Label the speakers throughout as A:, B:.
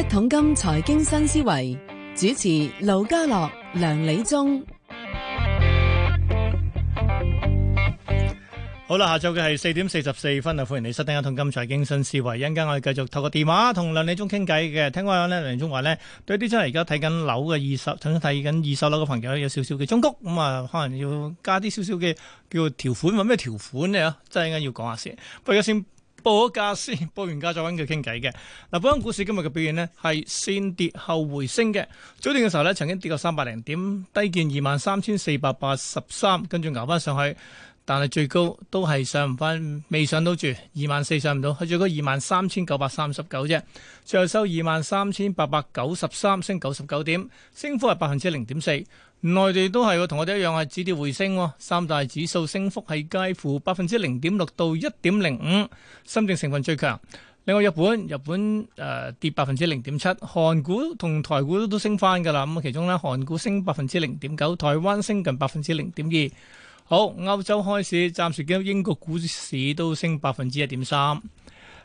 A: 一桶金財經新思維，主持盧家樂、梁理中，好啦，下晝嘅係四點四十四分啊！歡迎你收聽一桶金財經新思維，一陣間我哋繼續透過電話同梁理中傾偈嘅。聽講呢，梁理中話咧，對啲真係而家睇緊樓嘅二手，睇緊二手樓嘅朋友有少少嘅，中谷咁啊、嗯，可能要加啲少少嘅叫條款或咩條款呢？啊！真係一陣要講下先，不如而家先。報咗價先，報完價再揾佢傾偈嘅。嗱，本港股市今日嘅表現呢，係先跌後回升嘅。早段嘅時候呢，曾經跌過三百零點，低見二萬三千四百八十三，跟住熬翻上去，但係最高都係上唔翻，未上到住二萬四上唔到，係最高二萬三千九百三十九啫。最後收二萬三千八百九十三，升九十九點，升幅係百分之零點四。內地都係喎，同我哋一樣係止跌回升，三大指數升幅係介乎百分之零點六到一點零五，深圳成分最強。另外日本日本誒、呃、跌百分之零點七，韓股同台股都，都升翻㗎啦。咁其中呢韓股升百分之零點九，台灣升近百分之零點二。好，歐洲開市暫時見英國股市都升百分之一點三。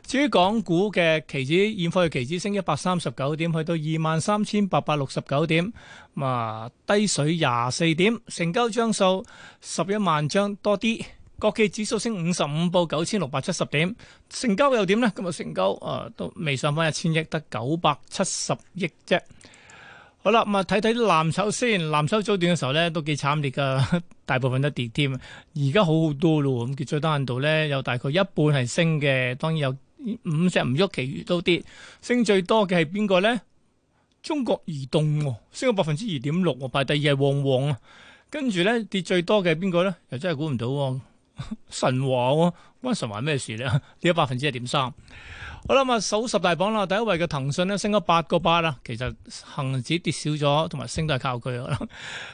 A: 至於港股嘅期指，現貨嘅期指升一百三十九點，去到二萬三千八百六十九點，啊低水廿四點，成交張數十一萬張多啲。國企指數升五十五，報九千六百七十點，成交又點呢？今日成交誒、呃、都未上翻一千億，得九百七十億啫。好啦，咁啊睇睇啲藍籌先，藍籌早段嘅時候咧都幾慘烈噶、啊，大部分都跌添。而家好好多咯，咁最低限度咧有大概一半係升嘅，當然有。五隻唔喐，其餘都跌。升最多嘅係邊個呢？中國移動、啊、升咗百分之二點六，排第二係旺旺啊。跟住呢跌最多嘅係邊個呢？又真係估唔到、啊、神華喎、啊，關神華咩事呢？跌咗百分之一點三。我諗啊，數十大榜啦，第一位嘅騰訊升咗八個八啦。其實恒指跌少咗，同埋升都係靠佢啊。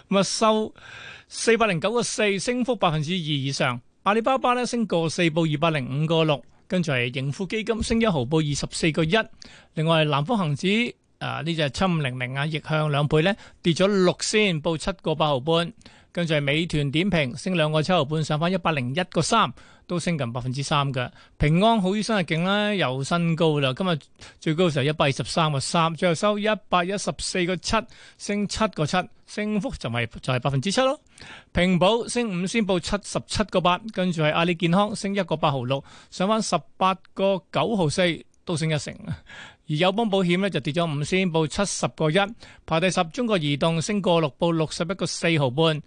A: 咁啊，收四百零九個四，升幅百分之二以上。阿里巴巴呢升個四，報二百零五個六。跟住係盈富基金升一毫報二十四個一，另外係南方恒指。啊！呢隻七五零零啊，逆向兩倍咧，跌咗六先，報七個八毫半。跟住係美團點評，升兩個七毫半，上翻一百零一個三，都升近百分之三㗎。平安好醫生係勁啦，又新高啦。今日最高嘅時候一百二十三個三，最後收一百一十四個七，升七個七，升幅就係就係百分之七咯。平保升五先，報七十七個八，跟住係阿里健康升一個八毫六，上翻十八個九毫四。都升一成，而友邦保險呢就跌咗五仙，報七十個一，排第十。中國移動升過六，報六十一個四毫半。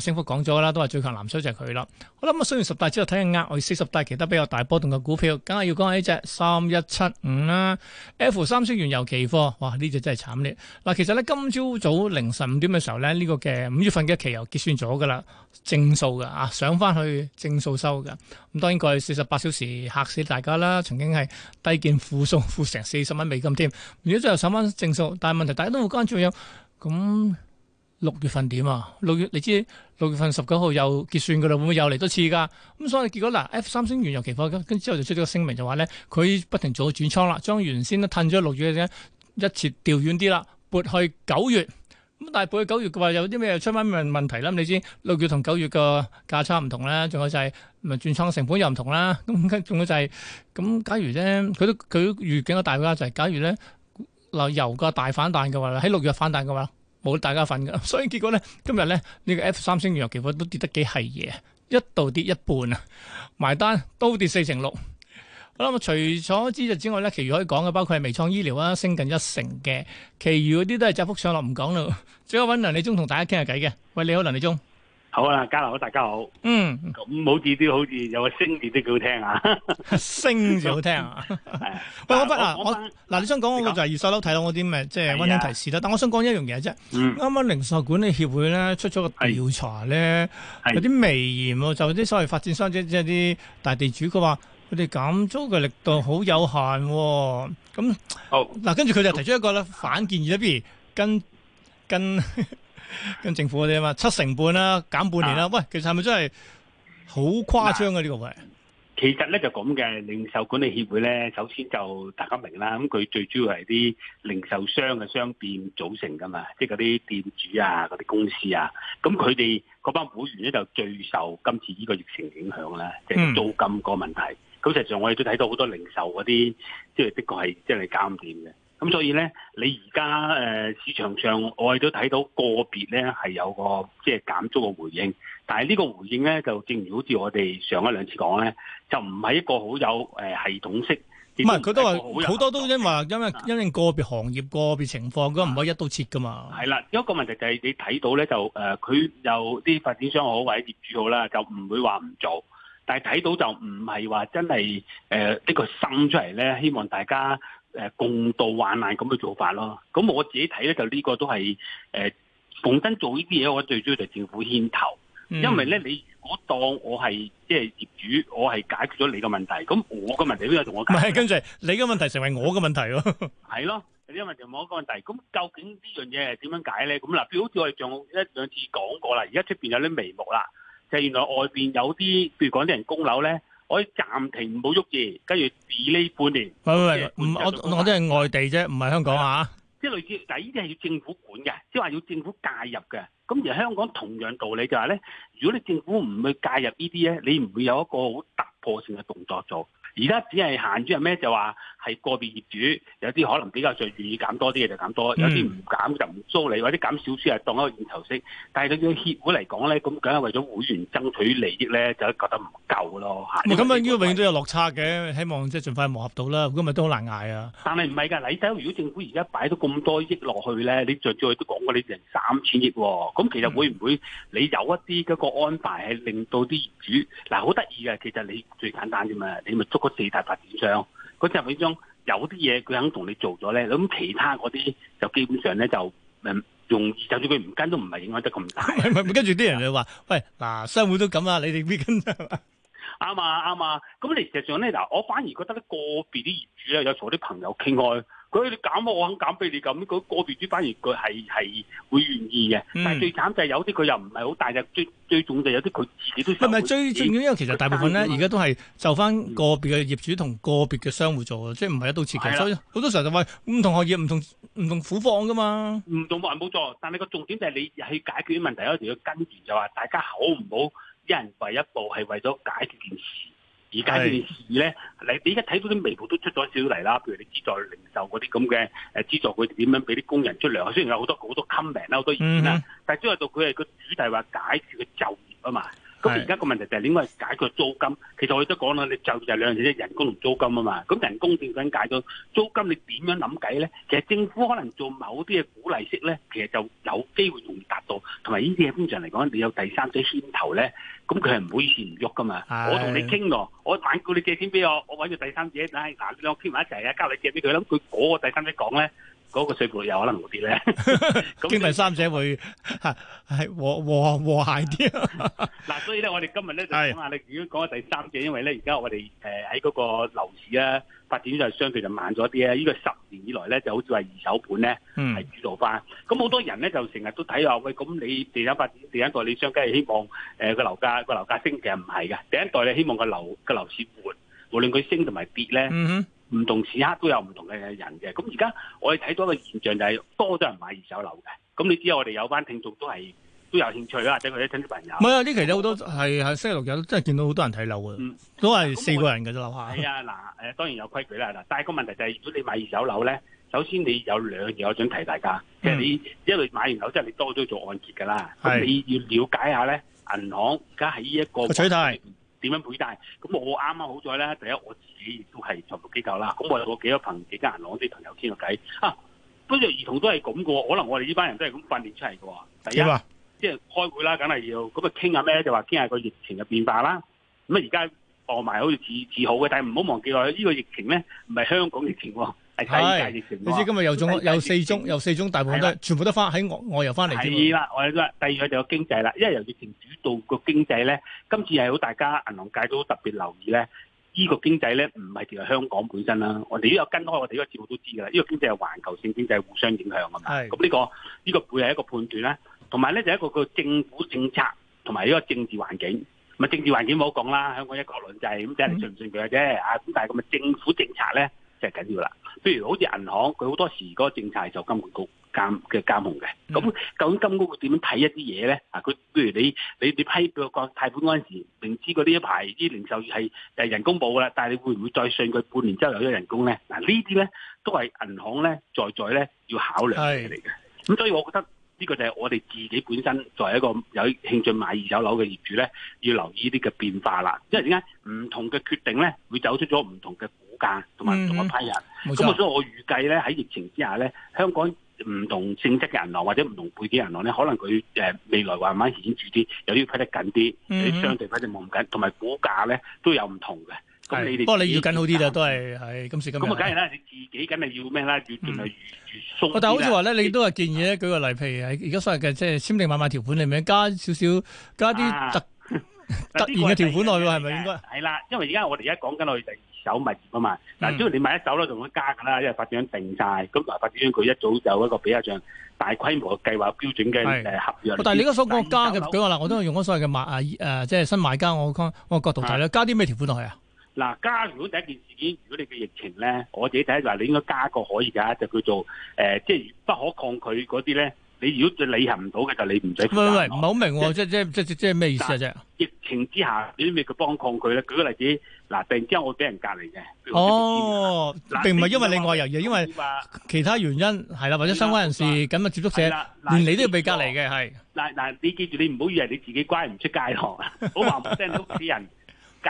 A: 升幅講咗啦，都話最強藍籌就係佢啦。我諗咁，雖然十大之後我睇下額外四十大，其他比較大波動嘅股票，梗係要講下呢隻三一七五啦，F 三星原油期貨。哇，呢隻真係慘烈嗱。其實咧，今朝早凌晨五點嘅時候咧，呢、呢個嘅五月份嘅期油結算咗噶啦，正數噶啊，上翻去正數收嘅。咁當然過去四十八小時嚇死大家啦，曾經係低見負數，負成四十蚊美金添。如果最後上翻正數，但係問題大家都好關注嘅咁。六月份點啊？六月你知六月份十九號又結算噶啦，會唔會又嚟多次噶？咁所以結果嗱，F 三星原油期貨跟之後就出咗個聲明呢，就話咧佢不停做轉倉啦，將原先都褪咗六月嘅一次調遠啲啦，撥去九月。咁但係撥去九月嘅話，有啲咩出翻咩問題啦？你知六月同九月個價差唔同啦，仲有就係咪轉倉成本又唔同啦？咁跟仲有就係、是、咁，假如咧佢都佢預警個大家，就係、是，假如咧嗱油價大反彈嘅話喺六月反彈嘅話。冇大家份嘅，所以結果咧，今日咧呢、呢個 F 三升藥旗股都跌得幾係嘢，一度跌一半啊，埋單都跌四成六。好啦，咁除咗之日之外咧，其餘可以講嘅包括係微創醫療啊，升近一成嘅，其餘嗰啲都係窄幅上落，唔講啦。最後揾梁理中同大家傾下偈嘅，喂，你好，梁理中。
B: 好啦，啊，加樓，大家好。嗯，咁好似都好似有個聲字都幾好聽啊，聲字好聽啊。 好
A: 聽 喂，我覺得嗱，我嗱，你想講我個就係二手樓睇到我啲咩，即係溫馨提示啦。但我想講一樣嘢啫。啱，嗯、啱零售管理協會咧出咗個調查咧，有啲微言喎，就啲所謂發展商即即啲大地主，佢話佢哋減租嘅力度好有限，哦。咁好嗱，跟住佢就提出一個咧反建議啦，譬，哦、如跟跟。跟跟政府嗰啲啊嘛，七成半啦，減半年啦，喂，其實係咪真係好誇張啊？呢個位，
B: 其實咧就咁嘅，零售管理協會咧，首先就大家明啦，咁佢最主要係啲零售商嘅商店組成㗎嘛，即係嗰啲店主啊，嗰啲公司啊，咁佢哋嗰班會員咧就最受今次呢個疫情影響啦，即係租金個問題，咁實際上我哋都睇到好多零售嗰啲，即係的確係真係減點嘅。咁所以咧，你而家、呃、市場上，我哋都睇到個別咧係有個即係減租嘅回應，但係呢個回應咧就正如好似我哋上一兩次講咧，就唔係一個好有、呃、系統式。唔係，佢都話好多都
A: 因為因為、啊、因為個別行業個別情況，咁唔可以一刀切噶嘛。
B: 係啦，一個問題就係你睇到咧就誒，佢、呃、有啲發展商好或者業主好啦，就唔會話唔做，但係睇到就唔係話真係誒、呃呢個、呢個生出嚟咧，希望大家。.誒，共度患難咁嘅做法咯。咁我自己睇咧，就呢個都係誒，本、呃、身做呢啲嘢，我最鍾意就政府牽頭、嗯，因為咧，你如果當我係即係業主，我係解決咗你嘅問題，咁我嘅問題都有同我解決。唔係，
A: 跟住你嘅問題成為我嘅問題咯。
B: 係 咯，你啲問題冇一個問題。咁究竟呢樣嘢係點樣解咧？咁嗱，表好似我哋仲一兩次講過啦。而家出面有啲眉目啦，就是、原來外面有啲，譬如講啲人供樓咧。我暫停唔好喐住，跟住自呢半年。喂喂，
A: 唔我我都係外地啫，唔係香港嚇、啊
B: 啊。即係類似，嗱，依啲係要政府管嘅，即係話要政府介入嘅。咁而香港同樣道理就係、是、咧，如果你政府唔去介入呢啲咧，你唔會有一個好突破性嘅動作做。而家只係限住咩就話、是。係個別業主有啲可能比較上願意減多啲嘅就減多，有啲唔減就唔租你，或者減少少係當一個應酬式。但係對個協會嚟講咧，咁梗係為咗會員爭取利益咧，就覺得唔夠咯嚇。
A: 咁啊，呢個永遠都有落差嘅。希望即係盡快磨合到啦。咁咪都好難嗌啊。
B: 但係唔係㗎？你睇如果政府而家擺咗咁多億落去咧，你再再都講過你成三千億喎、哦。咁、嗯、其實會唔會你有一啲一個安排係令到啲業主嗱好得意嘅？其實你最簡單啫嘛，你咪捉嗰四大發展商。嗰集片中有啲嘢佢肯同你做咗咧，咁其他嗰啲就基本上咧就誒容易，就算佢唔跟都唔係影響得咁大。
A: 跟住啲人就話：喂，嗱， 商會都咁 啊，你哋邊跟啱
B: 啊？啱啊。咁你實際上咧，嗱，我反而覺得咧個別啲業主咧有同啲朋友傾開。佢你減我肯減俾你咁，個個別主反而佢係係會願意嘅、嗯。但最慘就係有啲佢又唔係好大隻，最最重就係有啲佢自己都唔係唔係最重要，因為其實大部分咧而
A: 家都係就翻個別嘅業主同個別嘅商戶做、嗯、即係唔係一刀切嘅。所以好多時候就話唔同行業、唔同唔同苦況噶嘛。
B: 唔同話冇錯。但係個重點就係你去解決啲問題嗰時、就是、要跟住就話，大家好唔好一人為一步，係為咗解決件事。而家呢件事咧，你你而家睇到啲微博都出咗少少嚟啦，譬如你資助零售嗰啲咁嘅，誒資助佢點樣俾啲工人出糧，雖然有好多好多 comment 啦，好多意見啦、嗯，但係都係到佢係個主題話解決嘅就業啊嘛。咁而家個問題就係點解解決租金？其實我哋都講啦，你就就兩樣嘢啫，人工同租金啊嘛。咁人工變緊解到租金，你點樣諗計咧？其實政府可能做某啲嘅鼓勵式咧，其實就有機會容易達到。同埋呢啲嘢通常嚟講，你有第三者牽頭咧，咁佢係唔會好意思唔喐噶嘛。我同你傾咯，我反顧你借錢俾我，我揾住第三者，但係嗱呢兩傾埋一齊啊，交你借俾佢啦。咁佢嗰個第三者講咧。嗰個稅局有可能會跌咧，
A: 咁三者會係和和和諧啲。
B: 嗱，所以咧，我哋今日咧就講下你如果講第三者，因為咧而家我哋誒喺嗰個樓市啊發展上相對就慢咗啲啊，呢個十年以來咧就好似話二手盤咧係主導翻。咁好多人咧就成日都睇話，喂，咁你地產發展、第一代理商，梗係希望誒個樓價個樓價升，其實唔係嘅。第一代理希望個樓個樓市活，無論佢升同埋跌咧。唔同時刻都有唔同嘅人嘅，咁而家我哋睇到一個現象就係多咗人買二手樓嘅，咁你知我哋有班聽眾都係都有興趣啦，或者佢啲親戚朋友。唔係啊，
A: 呢期有好多係喺星期六日都真係見到好多人睇樓嘅、嗯，都係四個人嘅啫樓下。
B: 係 啊，嗱，誒當然有規矩啦，嗱，但係個問題就係如果你買二手樓咧，首先你有兩樣嘢我想提大家，嗯、即係你因為買完樓即係你多咗做按揭㗎啦，你要了解下咧銀行而家喺呢一個。取、啊戴？咁我啱啱好在咧，第一我自己亦都係財務機構啦，咁我有幾多朋友幾家人攞啲朋友傾個偈啊，不如兒童都係咁嘅喎，可能我哋呢班人都係咁訓練出嚟嘅喎。第一，啊、即係開會啦，梗係要咁啊傾下咩？就話傾下個疫情嘅變化啦。咁啊而家放埋好似治自嘅，但係唔好忘記我呢、呢個疫情咧唔係香港疫情喎。係，你知今日
A: 有大四中，又四宗，又四宗，大部分都全部都翻喺外外遊翻嚟。第二啦，
B: 我第二我就有經濟啦，因為由疫情主導個經濟咧，今次係好，大家銀行界都特別留意咧，依、這個經濟咧唔係其實香港本身啦，啊。我哋呢有跟開，我哋呢個節目都知噶啦。呢、這個經濟係環球性經濟互相影響噶嘛。咁呢、這個呢、這個會係一個判斷咧，同埋咧就一個個政府政策同埋呢個政治環境。咁啊政治環境冇講啦，香港一國兩制咁睇你信唔信佢嘅啫？啊咁，但係咁啊政府政策咧。即係緊要啦！譬如好似銀行，佢好多時嗰個政策係受金管局嘅監控嘅。咁、嗯、究竟金管局點樣睇一啲嘢咧？啊，佢譬如你你你批個個貸款嗰陣時，明知嗰啲一排啲零售業係誒人工冇噶啦，但係你會唔會再信佢半年之後有咗人工咧？嗱，呢啲咧都係銀行咧在在咧要考量嚟嘅。咁所以，我覺得呢、呢個就係我哋自己本身作為一個有興趣買二手樓嘅業主咧，要留意啲嘅變化啦、嗯。因為點解唔同嘅決定咧，會走出咗唔同嘅。價同埋同一批人，咁、嗯、所以我預計咧喺疫情之下咧，香港唔同性質嘅銀行或者唔同背景銀行咧，可能佢誒、呃、未來慢慢顯著啲，有啲批得緊啲，相、嗯、對、嗯、批得冇咁緊，同埋估價咧都有唔同嘅。咁你哋不過你要緊好啲啊，都係喺今
A: 時今。咁啊，梗係啦，你自己梗係要咩咧？要
B: 儘量越、嗯、越，越，
A: 越但係好似話咧，你都係建議咧，舉個例，譬如而家所謂嘅即係簽訂買賣條款裏面加少少，
B: 加啲特、
A: 啊、突然嘅條款內喎，係、這、咪、個、應該？
B: 係啦，因為而家我哋而家講緊落去第二。走物業啊嘛，嗱，只要你買一手咧，仲會加噶啦，因為發展商定曬，咁但係發展佢一早就一個比較上大規模嘅計劃標準嘅誒合約。但係你嗰所講加嘅，舉個
A: 例，我都係用咗所謂嘅賣誒誒、呃，即係新買家我個我個角度睇啦，加啲咩條款落去啊？
B: 嗱、嗯嗯，加如果第一件事件，如果你嘅疫情咧，我自己睇就話，你應該加個可以㗎，就叫做誒、呃，即係不可抗拒嗰啲咧。你如果再履行唔到嘅，就你唔使返工。唔係
A: 唔係好明，即係即係
B: 即係即係咩意思啊？即疫情之下點解佢不可抗力咧？舉個例子，嗱，突然之後我俾人隔離嘅。哦，
A: 並唔係因為你外遊，因為其他原因係啦，或者相關人士咁啊，接觸者連你都要被隔離嘅，係，
B: 嗱嗱，你記住，你唔好以為你自己乖唔出街堂，好話唔聽，你屋企人。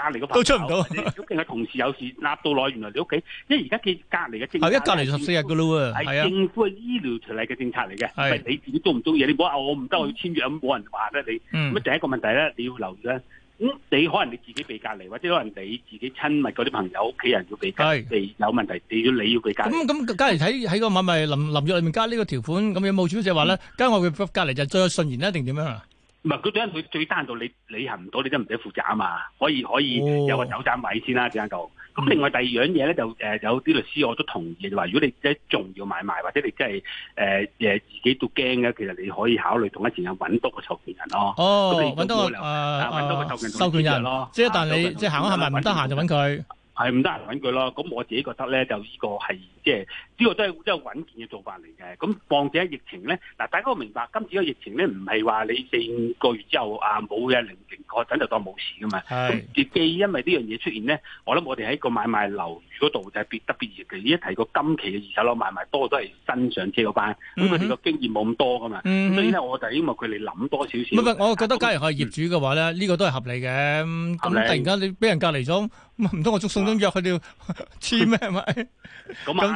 B: 隔離個都出唔到，仲有同事有時納到來，原來你屋企，因為而家佢隔離嘅政策，啊，一隔離十四日嘅咯喎，係政府嘅醫療條例嘅政策嚟嘅，唔係你自己鍾唔鍾意，你唔好話我唔得，我要簽約咁冇人話咧你，咁第一個問題咧你要留意咧，咁你可能你自己被隔離，或者可能你自己親密嗰啲朋友屋企人要被，被有問題，你要你要被隔離。
A: 咁咁隔離睇喺喺個文咪林林約裏面加呢個條款，咁有冇主筆就話咧，加我嘅隔離就再順延啦，定點樣啊？
B: 唔係嗰種，佢最低限度你履行唔到，你真唔使負責啊嘛。可以可以有個走盞位先啦，單到。咁另外第二樣嘢咧，就誒有啲律師我都同意就話，如果你係重要買賣或者你真係誒誒自己都驚嘅，其實你可以考慮同一時間揾多個受件人咯。哦，咁你揾多個,、這個、個啊，揾、啊、人咯。即係但係你即係行一行咪唔得閒就揾佢，係唔得閒揾佢咯。咁我自己覺得咧，就呢個係。即係呢個都係都係穩健嘅做法嚟嘅。咁況且疫情咧，嗱大家都明白，今次嘅疫情咧唔係話你四個月之後啊冇嘅零零確診嗰陣就當冇事噶嘛。係。亦既因為呢樣嘢出現咧，我諗我哋喺個買賣樓嗰度就係特別熱嘅。而一提過今期嘅二手樓買賣多都係新上車嗰班，咁佢哋個經驗冇咁多噶嘛、嗯。所以咧，我就希望佢哋諗多少少。
A: 我覺得假如係業主嘅話咧，呢、嗯這個都係合理嘅。咁、嗯、突然間你俾人隔離咗，唔通我捉送咗約佢哋簽咩？係咪？
B: 咁啊。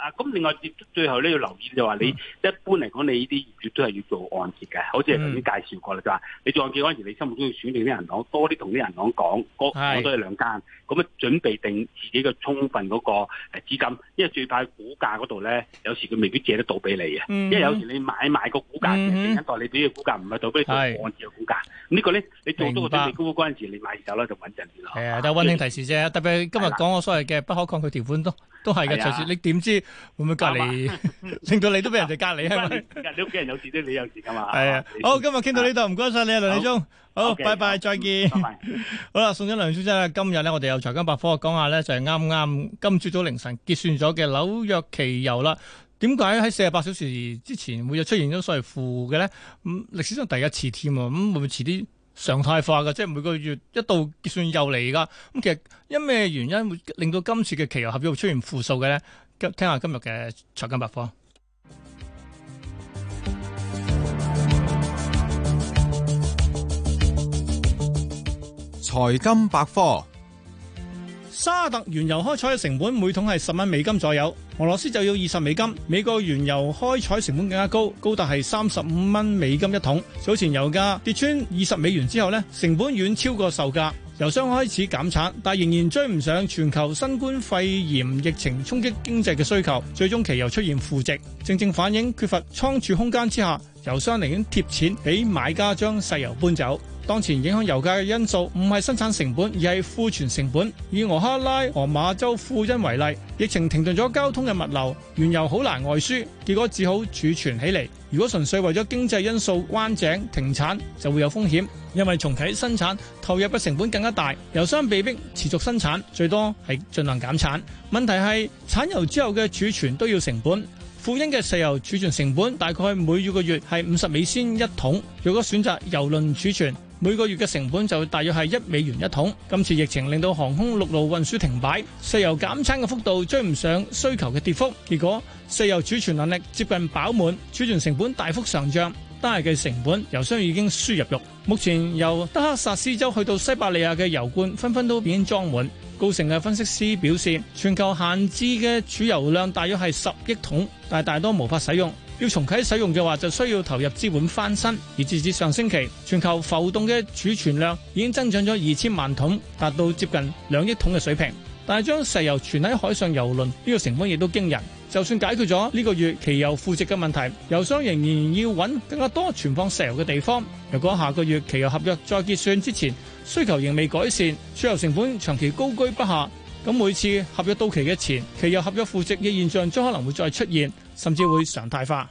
B: 啊，咁另外最最後咧要留意就係話，你一般嚟講，你呢啲業主都係要做按揭嘅，好似頭先介紹過啦，就、嗯、話你做按揭嗰陣時，你心目中要選定啲銀行，多啲同啲銀行講，講多都有兩間，咁啊準備定自己嘅充分嗰個誒資金，因為最快估價嗰度咧，有時佢未必借得到俾你嘅、嗯，因為有時你買賣個估價成日代你俾嘅估價唔係賭俾你做按揭嘅估價，呢個咧你做多嗰啲未沽嗰陣時，你買手咧就穩陣啲咯。係啊，
A: 但溫馨提示啫，特別今日講我所謂嘅不可抗拒條款都都係嘅，隨時你點知？會唔會隔離、啊、 令到你都俾人哋隔離啊,啊？你屋企人
B: 有事啫你有事噶嘛？係啊，好，今日傾
A: 到呢度，唔該晒你啊，梁理中，好，okay, 拜拜，再見，okay, 拜拜好啦，送咗梁小姐啦。今日呢，我哋又財經百科講下呢，就係啱啱今朝早凌晨結算咗嘅紐約期油啦。點解喺四十八小時之前會有出現咗所謂負嘅呢？咁、嗯、歷史上第一次添啊！咁、嗯、會唔會遲啲常態化嘅？即係每個月一度結算又嚟噶？咁、嗯、其實因咩原因會令到今次嘅期油合約出現負數嘅呢？今聽下今日嘅財金百科。
B: 財金百科，
A: 沙特原油開採嘅成本每桶係十蚊美金左右，俄羅斯就要二十美金。美國原油開採成本更加高，高達係三十五蚊美金一桶。早前油價跌穿二十美元之後呢，成本遠超過售價。油商開始減產，但仍然追唔上全球新冠肺炎疫情衝擊經濟嘅需求，最終期油出現負值，正正反映缺乏倉儲空間之下，油商寧願貼錢俾買家將石油搬走。當前影響油價嘅因素唔係生產成本，而係庫存成本。以俄克拉荷馬州庫欣為例，疫情停頓咗交通嘅物流，原油好難外輸，結果只好儲存起嚟。如果純粹為咗經濟因素關井停產，就會有風險，因為重啟生產投入嘅成本更加大。油商被逼持續生產，最多係儘量減產。問題係產油之後嘅儲存都要成本，庫欣嘅石油儲存成本大概每個月係五十美仙一桶。如果選擇油輪儲存，每個月嘅成本就大約係一美元一桶。今次疫情令到航空陸路運輸停擺，石油減產嘅幅度追唔上需求嘅跌幅，結果石油儲存能力接近飽滿，儲存成本大幅上漲。單係嘅成本，油商已經輸入肉。目前由德克薩斯州去到西伯利亞嘅油罐，紛紛都已經裝滿。高盛嘅分析師表示，全球閒置嘅儲油量大約係十億桶，但係大多無法使用。要重啟使用嘅話，就需要投入資本翻新。而截至上星期，全球浮動嘅儲存量已經增長咗二千萬桶，達到接近兩億桶嘅水平。但係將石油存喺海上油輪呢個成本亦都驚人。就算解決咗呢個月期油負值嘅問題，油商仍然要揾更加多存放石油嘅地方。如果下個月期油合約再結算之前，需求仍未改善，儲油成本長期高居不下，咁每次合約到期嘅前，期油合約負值嘅現象將可能會再出現。甚至會常態化。